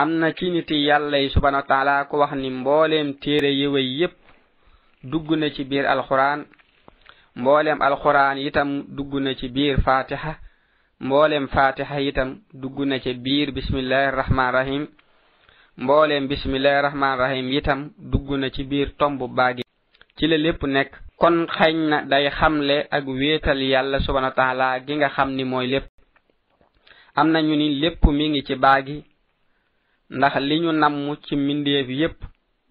amna kiniti yalla subhanahu wa ta'ala ko wax ni mbollem tere yewe yep duggu na ci bir alquran mbollem alquran itam duggu na ci bir fatiha mbollem fatiha itam duggu na ci bir bismillahir rahmanir rahim mbollem bismillahir rahmanir rahim itam duggu na ci bir tombu bagi ci le lepp nek kon xagn day xamle ak wetal yalla subhanahu wa ta'ala gi nga xamni moy lepp amna ñu ni lepp mi ngi ci bagi ndax li ñu namm ci mindeef yépp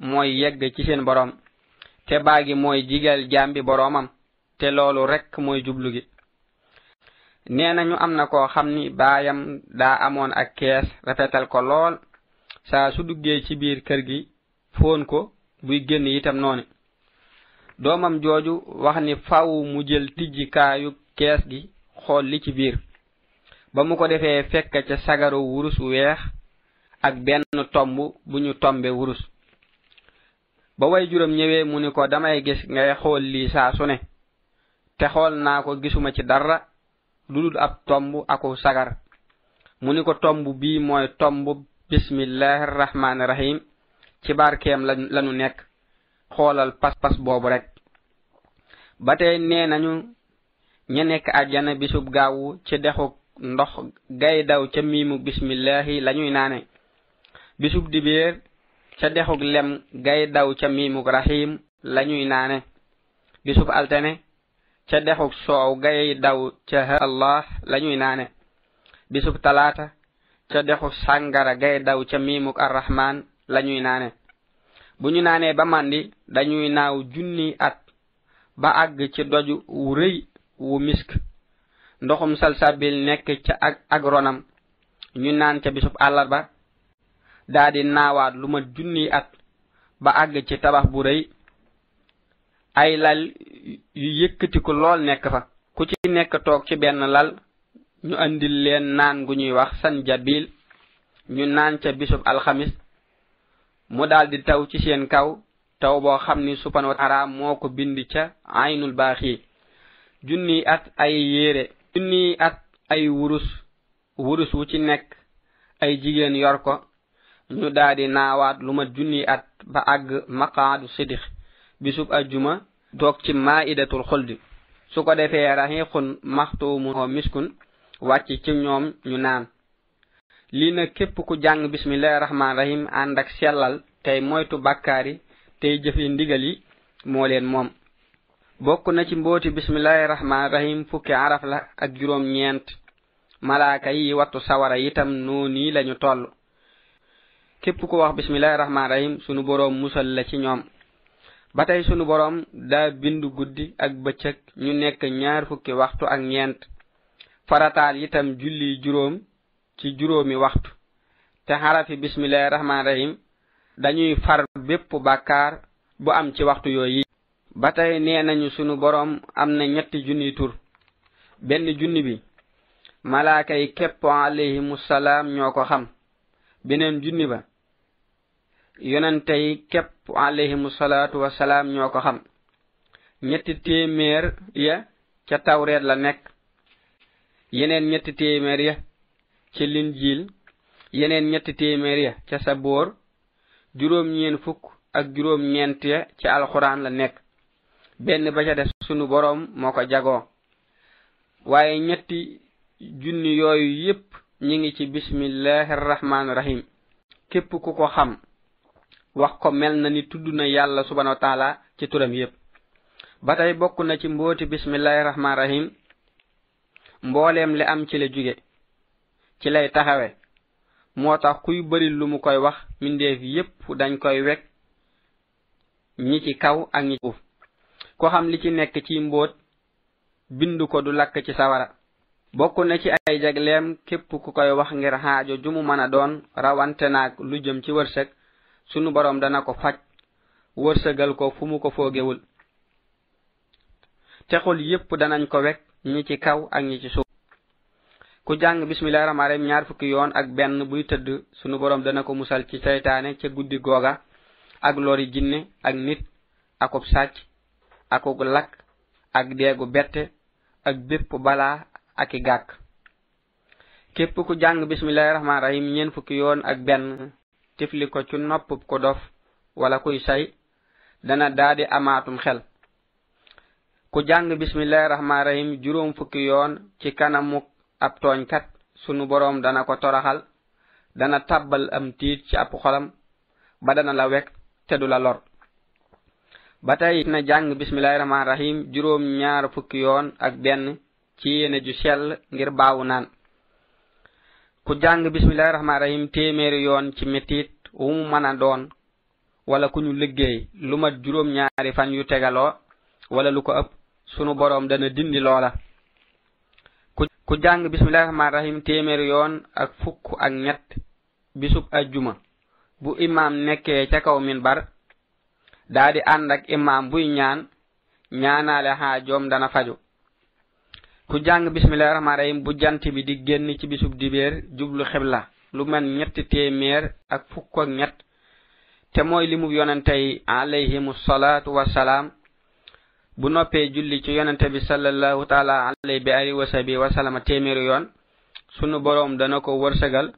mooy yegg ci seen borom te baagi mooy jigal jambi boromam te loolu rek mooy jublu gi nee nañu am na koo xam ni baayam daa amoon ak kees rafetal ko lool saa su duggee ci biir kër gi foon ko buy génn itam noone doomam jooju wax ni faw mu jël tijjikaayu kees gi xool li ci biir ba mu ko defee fekk ca sagaru wurus weex ak benn tomb bu ñu tombe wurus ba way juróom ñëwee mu ni ko damay gis ngay xool lii saa su ne te xool naa ko gisuma ci dara lu dul ab tomb aku sagar mu ni ko tomb bii mooy tomb bismillahi rahmaani rahim ci barkeem lañu nekk xoolal pas-pas boobu rekk ba tey nee nañu ña nekk àjjana bisub gaaw ci dexu ndox gay ca miimu bismillahi lañuy naane bisub dibeer ca dexug lem gay daw ca mimug rahim lañuy naane bisub altane ca dexug soow gay daw ca ha allah lañuy naane bisub talaata ca dexug sàngara gay daw ca mimug arrahman lañuy naane bu ñu naanee ba màndi dañuy naaw junni at ba àgg ci doju wu rëy wu misk ndoxum salsabil nekk ca ak ronam ñu naan ca bisub àllarba ba daldi naawaat lu ma junniy at ba àgg ci tabax bu rëy ay lal yu yëkkatiku lool nekk fa ku ci nekk toog ci benn lal ñu andil leen naan gu ñuy wax sanjabil ñu naan ca bisub alxamis mu daldi taw ci seen kaw taw boo xam ni subhanahu wa moo ko bind ca aynul baax yi at ay yére junniy at ay wurus wurus wu ci nekk ay jigéen yor ko ñu daldi naawaat lu mat junni at ba agg maqaadu sidix bisub ajjuma toog ci maaidatul xuldi su ko defee raxiixun maxtuumu oo miskun wàcc ci ñoom ñu naan lii nag képp ku jàng bismillahi rahmaani rahim ànd ak sellal tey moytu bàkkaar yi tey jëf ndigal yi moo leen moom bokk na ci mbooti bismillahi rahmaani rahim fukki araf la ak juróom ñeent malaaka yi wattu sawara itam noonu lañu toll képp ku wax bismillahi rahmaan rahim sunu boroom musal la ci ñoom ba tey sunu boroom daa bind guddi ak bëccëg ñu nekk ñaar fukki waxtu ak ñeent farataal itam julli juróom ci juróomi waxtu te xarafi bismillahi rahmaan rahim dañuy far bépp bàkkaar bu am ci waxtu yooyu ba tey nee nañu sunu boroom am na ñetti junniy tur benn junni bi malaakay keppo alayhimusalaam ñoo ko xam benen junni ba yonantay kep alayhimu salatu wa salam ñoo ko xam ñetti téeméer ya ca tawreet la nekk yeneen ñetti téeméer ya ca linjil yeneen ñetti téeméer ya ca sa boor juróom ñeen fukk ak juróom ñeent ya ca alquran la nekk benn ba ca des sunu borom moo ko jagoo waaye ñetti junni yooyu yépp ñi ngi ci bismillahi rahmaani rahim képp ku ko xam wax ko mel na ni tudd na yàlla subhanahu wa taala ci turam yépp ba tey bokk na ci mbooti bismillahi rahmaani rahim mboolem li am ci la jóge ci lay taxawe moo tax kuy bari lu mu koy wax mbindeef yépp dañ koy wekk ñi ci kaw ak ñi ci suuf ko xam li ci nekk ci mbóot bind ko du lakk ci sawara bokku na ci ay jagleem képp ku koy wax ngir haajo ju mu mën a doon rawante naag lu jëm ci wërsëg sunu borom dana ko faj wërsëgal ko fu mu ko foogewul texul yépp danañ ko wek ñi ci kaw ak ñi ci suuf ku jàng bismillahi rahmaan rahim ñaar fukki yoon ak benn buy tëdd sunu borom dana ko musal ci seytaane ca guddi googa ak lori jinne ak nit akub sàcc akub lak ak deegu bette ak bépp balaa ak i gàkk képp ku jàng bismillahi rahmaan rahim ñeen fukki yoon ak benn tifli ko ci nopp ko dof wala kuy say dana daadi amaatum xel ku jàng bismillahi rahmaan rahim juróom fukki yoon ci kanamuk ab tooñkat sunu boroom dana ko toraxal dana tàbbal am tiit ci ab xolam ba dana la wek te du la lor ba na jàng bismillahi rahmaan rahim juróom ñaar fukki yoon ak benn ci yene ju sel ngir baawu naan ku jàng bismillahi rahmaan rahim téeméeri yoon ci mettit wu mu mën a doon wala ku ñu liggéey lu mat juróom-ñaari fan yu tegaloo wala lu ko ëpp sunu boroom dana dindi loola ku jàng bismillahi rahmaan rahim téeméeri yoon ak fukk ak ñett bisub aj juma bu imaam nekkee ca kaw min bar daa di ànd ak imaam buy ñaan ñaanaale haa joom dana faju ku jang bismillah rahmaan rahim bu jant bi di genn ci bisub jublu xibla lu man ñetti témèr ak fukk ak ñett te moy limu yonantey alayhi musallatu wassalam bu noppé julli ci yonante bi sallallahu taala alayhi bi ali wasabi wasalama témèr yon sunu borom dana ko wërsegal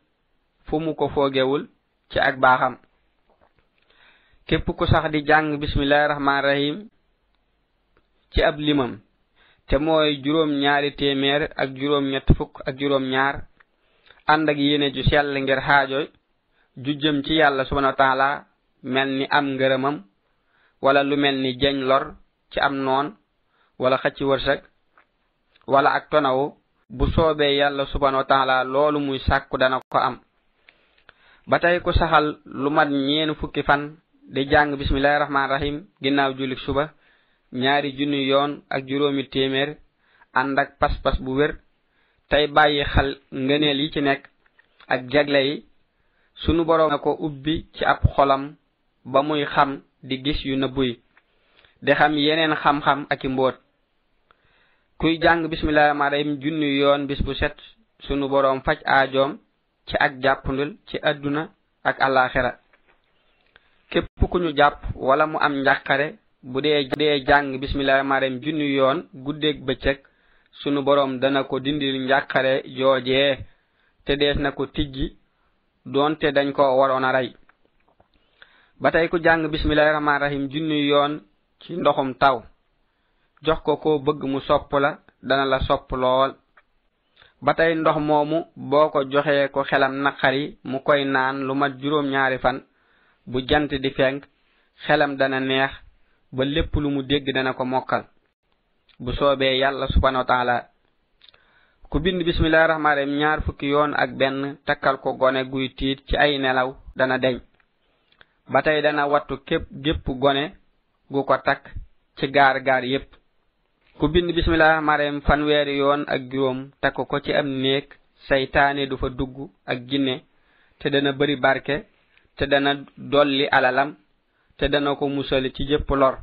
fu mu ko fogéwul ci ak baxam képp ku sax di jang bismillahi rahim ci ab limam te mooy juróom ñaari téeméer ak juróom ñett fukk ak juróom ñaar ànd ak yéene ju sell ngir xaajo jujjëm ci yàlla subhanahu wa taala mel ni am ngërëmam wala lu mel ni jeñ lor ci am noon wala xëcci wërsëg wala ak tonawu bu soobee yàlla subhanahu wa taala loolu muy sàkku dana ko am ba tey ku saxal lu mat ñeen fukki fan di jàng bismillahi rahmaan rahim ginnaaw julik suba ñaari junni yoon ak juróomi téeméer ànd ak pas-pas bu wér tey bàyyi xal ngëneel yi ci nekk ak jagle yi sunu borom na ko ubbi ci ab xolam ba muy xam di gis yu nëbbuy di xam yeneen xam-xam ak i mbóot kuy jàng bismillahi rahim junni yoon bis bu set sunu borom faj aajoom ci ak jàppandul ci adduna ak alaxira képp ku ñu jàpp wala mu am njàqare bu dee dee jàng bisimilah rahmaani rahim junni yoon guddeeg bëccëg sunu borom dana ko dindil njàqare joojee te dees na ko tijji doonte dañ ko waroon a rey ba tey ku jàng bisimilah rahmaani rahim junni yoon ci ndoxum taw jox ko ko bëgg mu sopp la dana la sopp lool ba tey ndox moomu boo ko joxee ko xelam naqari mu koy naan lu mat juróom ñaari fan bu jant di fenk xelam dana neex ba lépp lu mu dégg dana ko mokkal bu soobee yàlla subhanahu taala ku bind bismillahi rahmaani rahim ñaar fukki yoon ak benn takkal ko gone guy tiit ci ay nelaw dana deñ ba tey dana wattu képp gépp gone gu ko takk ci gaar gaar yépp ku bind bismillahi rahmaani fanweeri yoon ak juróom takk ko ci am néeg seytaane du fa dugg ak ginne te dana bari barke te dana dolli alalam te dana ko musal ci jëpp lor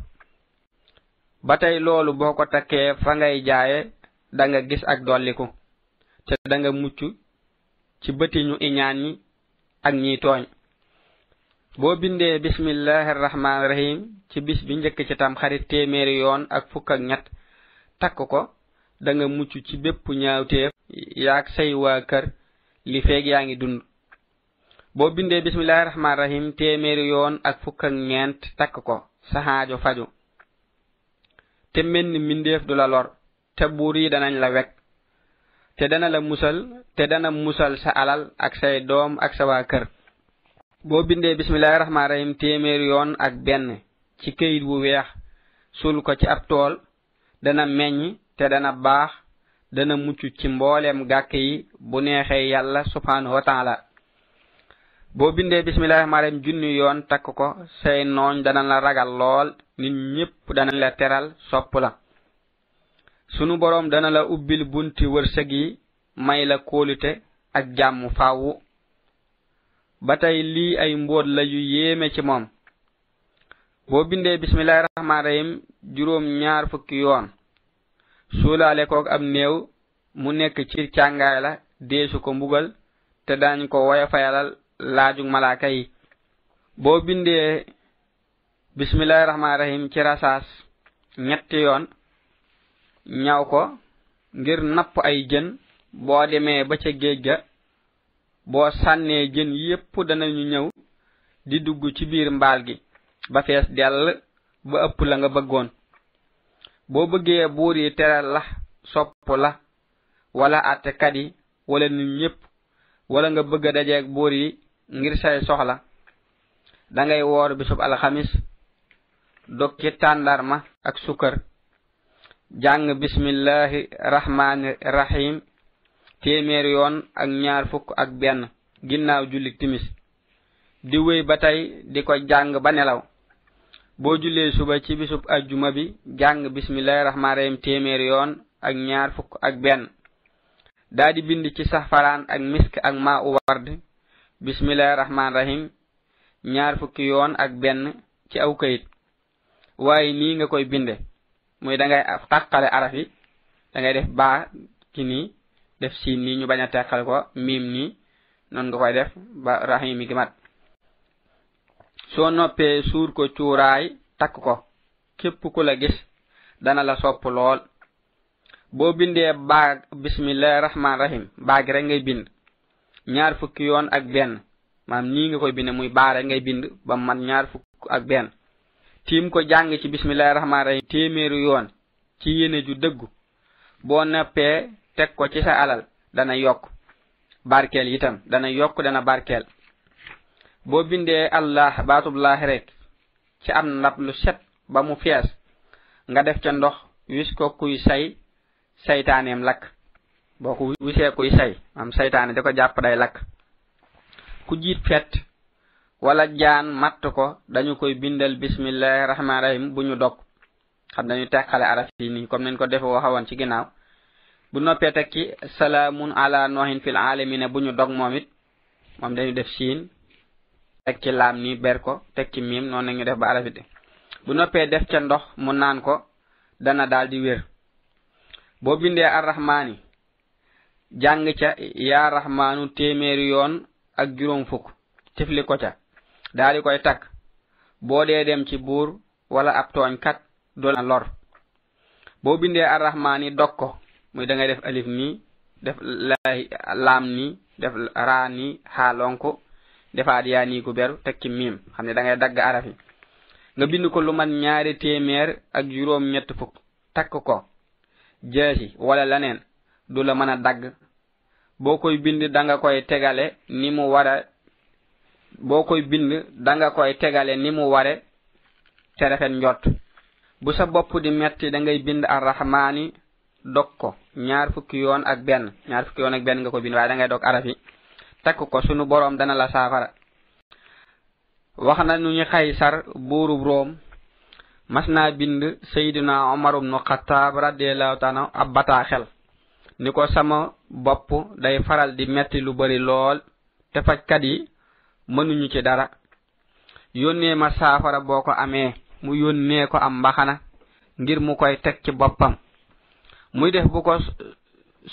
ba tey loolu boo ko takkee fa ngay jaaye da nga gis ak dolliku te da nga mucc ci bëtiñu iñaan ñi ak ñiy tooñ boo bindee bismillahi rahmaan rahim ci bis bi njëkk ci tam xarit téeméeri yoon ak fukk ak ñett takk ko da nga mucc ci bépp ñaawteef yaag say waa kër li feeg yaa ngi dund boo bindee bismillahi rahmaani rahim téeméeri yoon ak fukk ak ñeent takk ko sa xaajo faju te mel mbindéef du la lor te buur yi danañ la wekk te dana la musal te dana musal sa alal ak say doom ak sa waa kër boo bindee bismillahi rahmaani rahim téeméeri yoon ak benn ci këyit wu weex sul ko ci ab tool dana meññ te dana baax dana mucc ci mbooleem gàkk yi bu neexee yàlla subhaanahu wa taala boo bindee bismillahi maaleem junni yoon takk ko say nooñ dana la ragal lool nit ñépp dana la teral sopp la sunu boroom dana la ubbil bunti wërsëg yi may la kóolute ak jàmm faaw ba tey lii ay mbóot la yu yéeme ci moom boo bindee bismillahi rahmaan rahim juróom ñaar fukki yoon suulaale koog ab néew mu nekk ci càngaay la deesu ko mbugal te daañ ko woyafayalal laajug malaaka yi boo bindee bismillahi rahmaani rahim ci rasaas ñetti yoon ñaw ko ngir napp ay jën boo demee ba ca géej ga boo sànnee jën yépp danañu ñëw di dugg ci biir mbaal gi ba fees dell ba ëpp la nga bëggoon boo bëggee buur yi terel la sopp la wala atte kat yi wala nit ñëpp wala nga bëgg dajeeg buur yi ngir say soxla da ngay woor bisub alxamis dokki tàndarma ak sukkër jàng bismillahi rahmani rahim téeméer yoon ak ñaar fukk ak benn ginnaaw jullit timis di wéy ba tey di ko jàng ba nelaw boo jullee suba ci bisub ajjuma bi jàng bismillahi rahmani rahim téeméer yoon ak ñaar fukk ak benn daa di bind ci saxfaraan ak misk ak ma uwardi bismillahi rahmaan rahim ñaar fukki yoon ak benn ci aw këyit waaye nii nga koy binde muy da ngay tàqale araf yi da ngay def baa ki nii def siin nii ñu bañ a tekkal ko miim nii noonu nga koy def ba rahim gi mat soo noppee suur ko cuuraay takk ko képp ku la gis dana la sopp lool boo bindee baag bismillahi rahmaan rahim baag rek ngay bind ñaar fukki yoon ak benn maam nii nga koy bind muy baare ngay bind ba man ñaar fukk ak benn tiim ko jàng ci bismillahi rahmaan rahim téeméeru yoon ci yéene ju dëgg boo nappee teg ko ci sa alal dana yokk barkeel itam dana yokk dana barkeel boo bindee allah baatullahi rek ci am ndab lu set ba mu fees nga def ca ndox wis ko kuy say saytaaneem lakk boko wisé kuy say am saytane diko japp day lak ku jiit fet wala jaan mat ko dañu koy bindal bismillahir rahmanir rahim buñu dok xam nañu tekkale araf yi ni comme nañ ko defo waxawon ci ginaaw bu noppé tekki salamun ala nuhin fil alamin buñu dok momit mom dañu def siin tekki lam ni ber ko tekki mim non nañu def ba arafite bu noppé def ca ndox mu naan ko dana daldi wër bo bindé arrahmani ar jàng ca yaa raxmaanu téeméeri yoon ak juróom fukk tifli ko ca daa di koy takk boo dee dem ci buur wala ab tooñ kat do na lor boo bindee ar raxmaan yi dog ko muy da ngay def alif nii def laam nii def raa nii xaa lonku defaat yaa nii ku beru teg ci miim xam ne da ngay dagg araf yi nga bind ko lu mat ñaari téeméer ak juróom ñett fukk takk ko jeesi wala laneen du la mën a dagg boo koy bind danga koy tegale ni mu ware boo koy bind danga koy tegale ni mu ware te refet njot bu sa bopp di metti da ngay bind arrahmani dog ko ñaar fukki yoon ak benn ñaar fukki yoon ak benn nga ko bind waaye da ngay dog arafi takk ko sunu borom dana la saafara wax na nu ñu xay sar buurub róom mas naa bind sayidina omar ubnu xataab radiallahu taala ab bataa xel ni ko sama bopp day faral di metti lu bari lool te faj kat yi mënuñu ci dara yónnee ma saafara boo ko amee mu yónnee ko am mbaxana ngir mu koy teg ci boppam muy def bu ko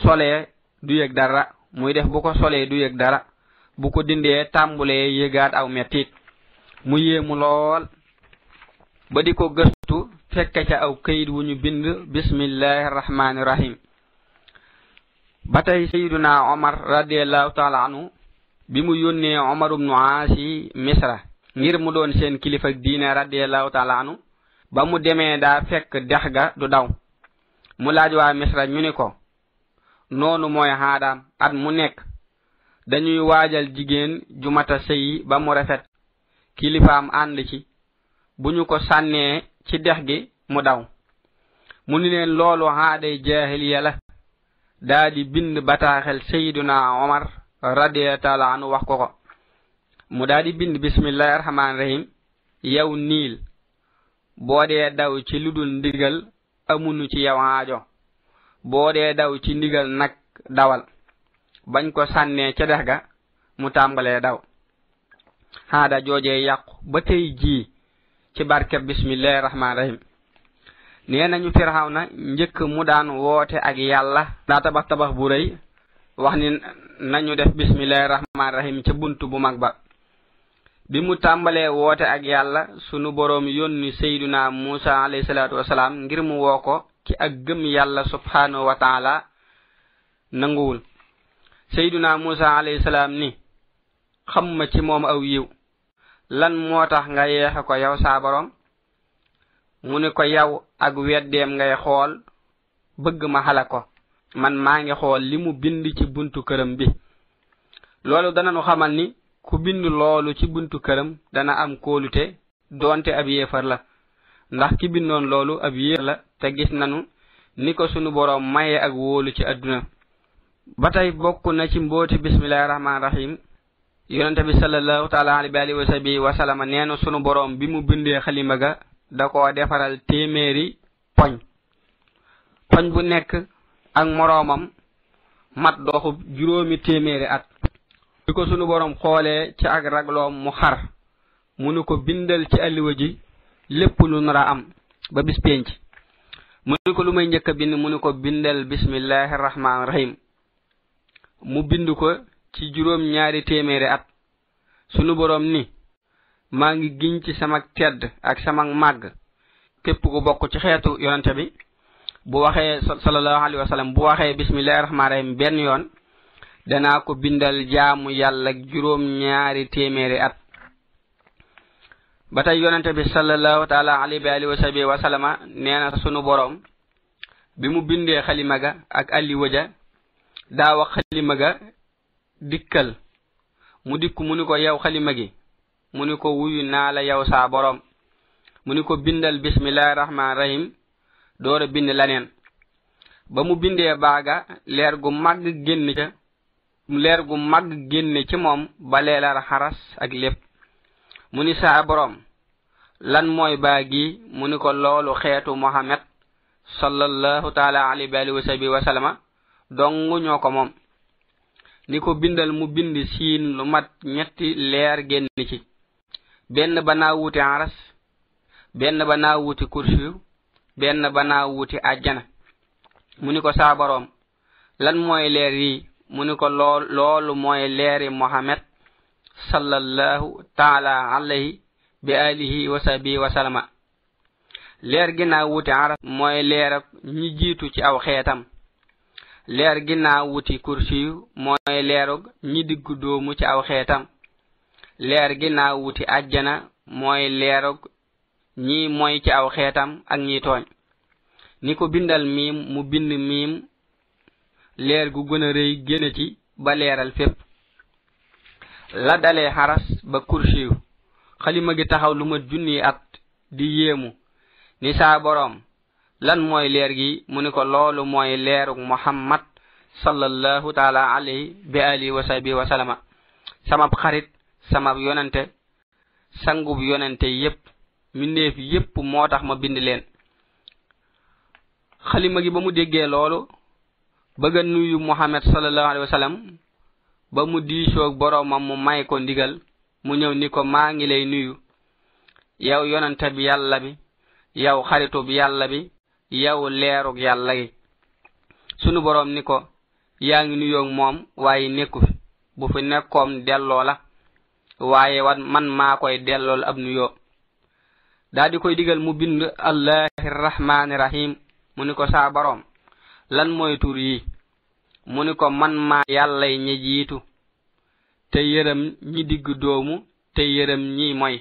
solee du yëg dara muy def bu ko solee du yëg dara bu ko dindee tàmbulee yëgaat aw mettiit mu yéemu lool ba di ko gëstu fekke ca aw këyit wu ñu bind bismillahi rahmaani rahim ba tey sayiduna omar radiallahu bi mu yónnee omar ibnu aasi misra ngir mu doon seen kilifa diine radiallahu taala ba mu demee daa fekk dex ga du daw mu laaj waa misra ñu ni ko noonu mooy xaadaam at mu nekk dañuy waajal jigéen ju mata sëyi ba mu rafet kilifaam ànd ci bu ñu ko sànnee ci dex gi mu daw mu ni leen loolu xaaday jaahiliya la daa di bind bataaxel sayiduna omar radiallahu taala anu wax ko ko mu daa di bind bismillahi arhamaani rahim yow niil boo dee daw ci lu dul ndigal amunu ci yow aajo boo dee daw ci ndigal nag dawal bañ ko sànnee ca dex ga mu tàmbalee daw haada joojee yàqu ba tey jii ci barke bismillahi arrahmaani rahim nee nañu firaw na njëkk mu daan woote ak yàlla daa tabax tabax bu rëy wax ni nañu def bismillahi rahmaani rahim ca bunt bu mag ba bi mu tàmbalee woote ak yàlla sunu boroom yónni sayiduna muusa alayhi salaatu wasalaam ngir mu woo ko ci ak gëm yàlla subhanahu wa taala nanguwul sayiduna muusa alayhi salaam ni xam ma ci moom aw yiw lan moo tax nga yeexe ko yow saa boroom mu ni ko yow ak weddeem ngay xool bëgg ma xala ko man maa ngi xool li mu bind ci buntu këram bi loolu dana nu xamal ni ku bind loolu ci buntu këram dana am kóolute doonte ab yéefar la ndax ki bindoon loolu ab yéefar la te gis nanu ni ko sunu boroom maye ak wóolu ci àdduna ba tey bokk na ci mbooti bismillahi rahmaani rahim yonente bi sallallahu taala alayhi wa nee na sunu boroom bi mu bindee xalima ga da koo defaral téeméeri poñ poñ bu nekk ak moroomam mat doxub juróomi téeméeri at bi ko sunu boroom xoolee ci ak ragloom mu xar mu nu ko bindal ci alliwa ji lépp lu nar am ba bis pénc mu ni ko lu may njëkk a bind mu ni ko bindal bismillahi rahmaani rahim mu bind ko ci juróom ñaari téeméeri at sunu boroom ni maa ngi giñ ci sama tedd ak sama màgg képp ku bokk ci xeetu yonente bi bu waxee sallallahu alayhi wa bu waxee bismillahi rahmaani rahim benn yoon danaa ko bindal jaamu yàlla juróom ñaari téeméeri at ba tey yonente bi sallallahu taala wa alihi wa nee na sunu boroom bi mu bindee xalima ga ak alliwa ja daa wax xalima ga dikkal mu dikk mu ni ko yow xalima gi mu ni ko wuyu naa la yow saa borom mu ni ko bindal bismillahi rahmaan rahim door a bind laneen ba mu bindee baaga leer gu mag génn ca leer gu mag génn ci moom ba leelar xaras ak lépp mu ni saa borom lan mooy baagi mu ni ko loolu xeetu mohammed sallallahu taala alayhi wa alihi wa sahbihi wa sallama dong ñoo ko moom ni ko bindal mu bind siin lu mat ñetti leer génn ci benn banaa wuti aras benn banaa wuti kursur benn banaa wuti àjjana mu ni ko saa boroom lan mooy leer yi mu ni ko loolu mooy leeri mohammed sallallahu taala alayhi bi alihi wa sahbihi wa salama leer ginnaaw wuti aras mooy leer ñi jiitu ci aw xeetam leer ginnaaw wuti kursiyu mooy leerug ñi digg doomu ci aw xeetam leer gi naa wuti àjjana mooy leerug ñii moy ci aw xeetam ak ñi tooñ ni ko bindal miim mu bind miim leer gu gën a rëy ci ba leeral fépp la xaras ba kursiw xalima gi taxaw lu ma junni at di yéemu ni saa boroom lan mooy leer gi mu ni ko loolu mooy leerug muhammad sallallahu taala alayhi bi alihi wa sahbi samab xarit sama yonente sangub yonente yépp mbindeef yépp moo tax ma bind leen xalima gi ba mu déggee loolu bëgg nuyu muhammad sallallahu alayhi ba mu diisoog boroomam mu may ko ndigal mu ñëw ni ko maa ngi lay nuyu yow yonante bi yàlla bi yow xaritub yàlla bi yow leerug yàlla gi sunu boroom ni ko yaa ngi nuyoog moom waaye nekku fi bu fi nekkoom delloo waaye wat man maa koy delloo ab nuyoo daa di koy digal mu bind allahi rahman rahim mu ni ko saa boroom lan mooy tur yi mu ni ko man maa yàllay ña jiitu te yërëm ñi digg doomu te yërëm ñi moy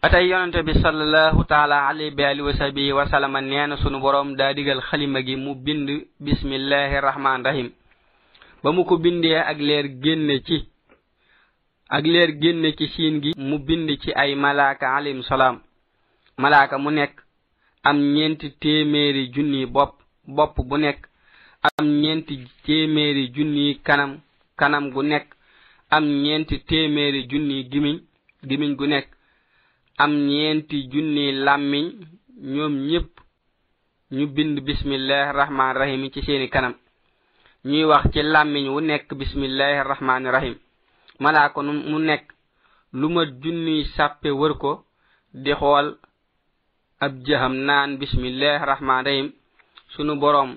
ba tey yonente bi salallahu taala alayhi bi alihi wa sahbihi wa salama neena sunu boroom daa digal xalima gi mu bind bismillahi rahman rahim ba mu ko bindee ak leer génne ci ak leer génne ci siin gi mu bind ci ay malaaka alayhim malaaka mu nekk am ñeenti téeméeri junni bopp bopp bu nekk am ñeenti téeméeri junni kanam kanam gu nekk am ñeenti téeméeri junni gimiñ gimiñ gu nekk am ñeenti junni làmmiñ ñoom ñépp ñu bind bismillahi rahmaani rahim ci seeni kanam ñuy wax ci làmmiñ wu nekk bismillahi rahmaani rahim mala ko nun mu nekk lu ma junni sàppe wër ko di xool ab jëham naan bismillah rahman rahim sunu borom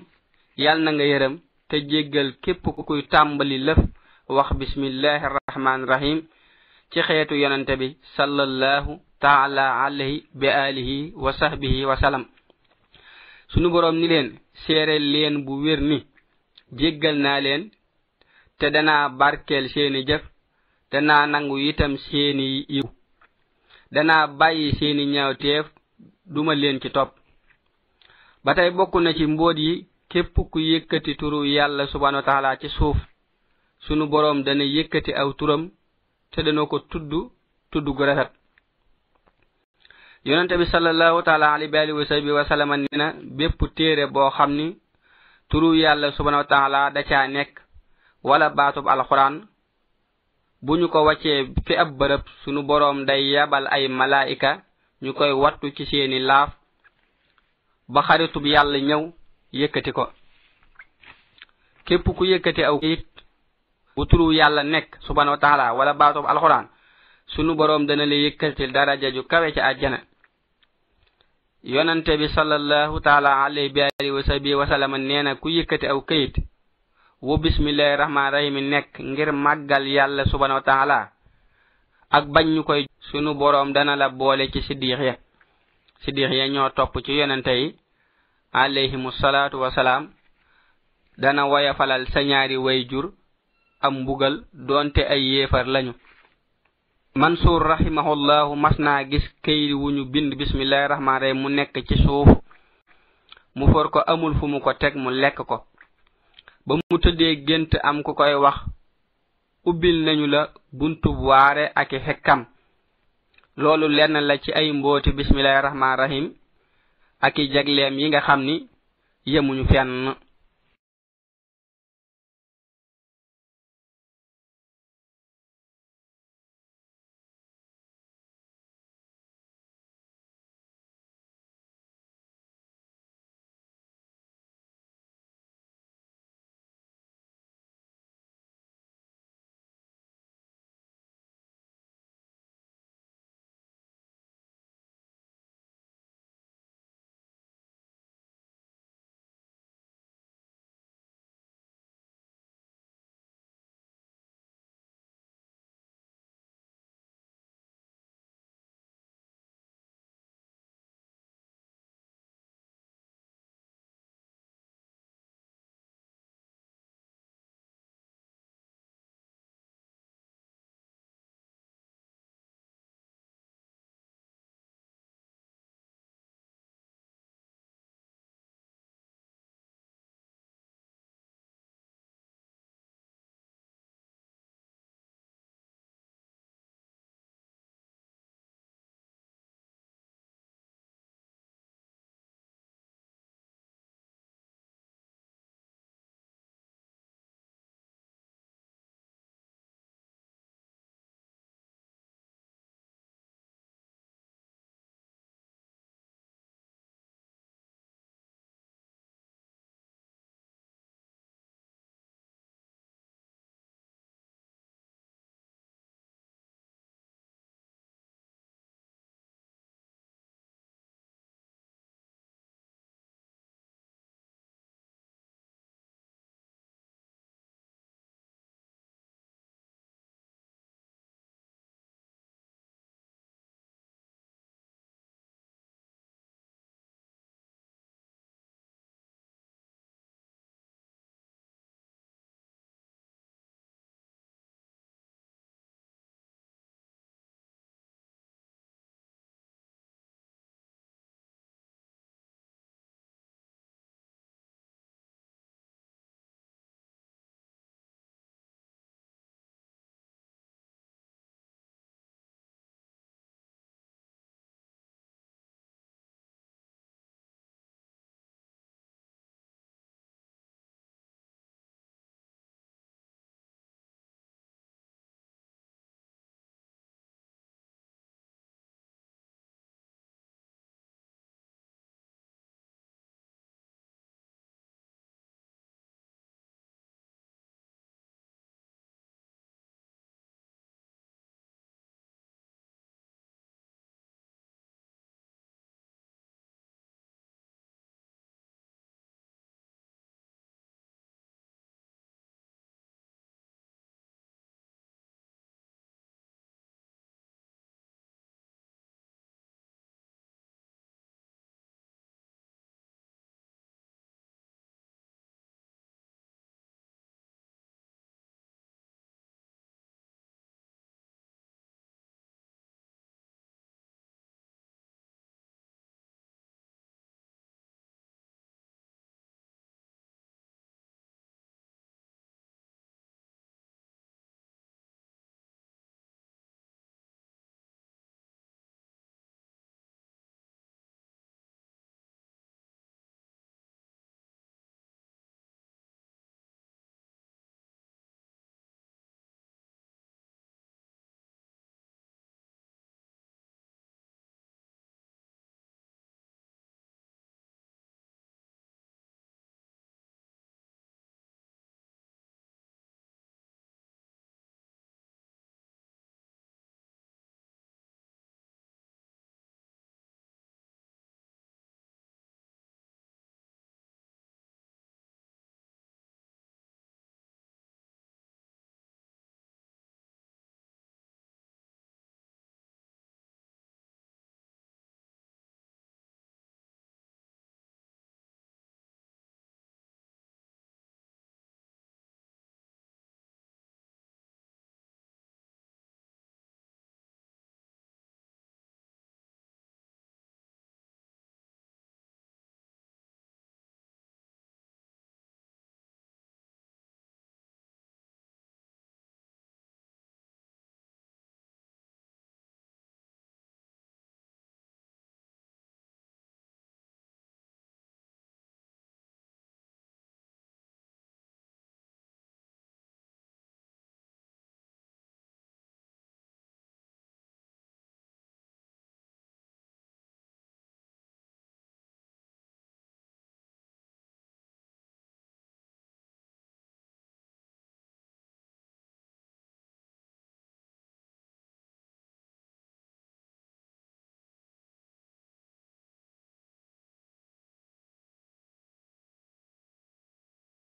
yal na nga yërëm te jéggal képp ku kuy tàmbali lëf wax bismillah rahman rahim ci xeetu yonente bi sallallahu taala alayhi bi alihi wa sahbihi wa salam sunu borom ni leen séeréel leen bu wér ni jéggal naa leen te danaa barkeel seeni jëf dana nangu itam seeni iw dana bayyi seeni ñaawteef duma leen ci topp ba tey bokk na ci mbóot yi képp ku yëkkati turu yàlla subhanahu wa taala ci suuf sunu boroom dana yëkkati aw turam te dana ko tudd tudd gu rafet yonente bi sallallahu taala alayhi wa alihi wa sahbihi wa sallam nena bépp téere boo xam ni turu yàlla subhanahu wa taala da caa nekk wala baatub alquran bu ñu ko wàccee fi ab bërëb sunu boroom day yabal ay malaika ñu koy wattu ci seeni laaf ba xaritub yàlla ñëw yëkkati ko képp ku yëkkati aw it bu turu yàlla nekk subhanahu wa taala wala baatub alxuraan sunu boroom dana la yëkkatil daraja ju kawe ci àjjana yonante bi sallallahu taala alayhi bi alihi wa sahbihi wa sallam neena na ku yëkkati aw kayit wu bismillahi rahmaani rahim nekk ngir màggal yàlla subhanahu wa taala ak bañ ñu koy sunu boroom dana la boole ci siddix ya siddix ya ñoo topp ci yonente yi alayhimu salaatu wasalaam dana woyafalal sa ñaari way jur am mbugal doonte ay yéefar lañu mansuur rahimahullahu mas naa gis këyri wu ñu bind bismillahi rahmaani rahim mu nekk ci suuf mu for ko amul fu mu ko teg mu lekk ko ba mu tëddee gént am ku koy wax ubbil nañu la bu waare ak xekkam loolu lenn la ci ay mbooti bismillahi rahmaan rahim ak i jegleem yi nga xam ni yemuñu fenn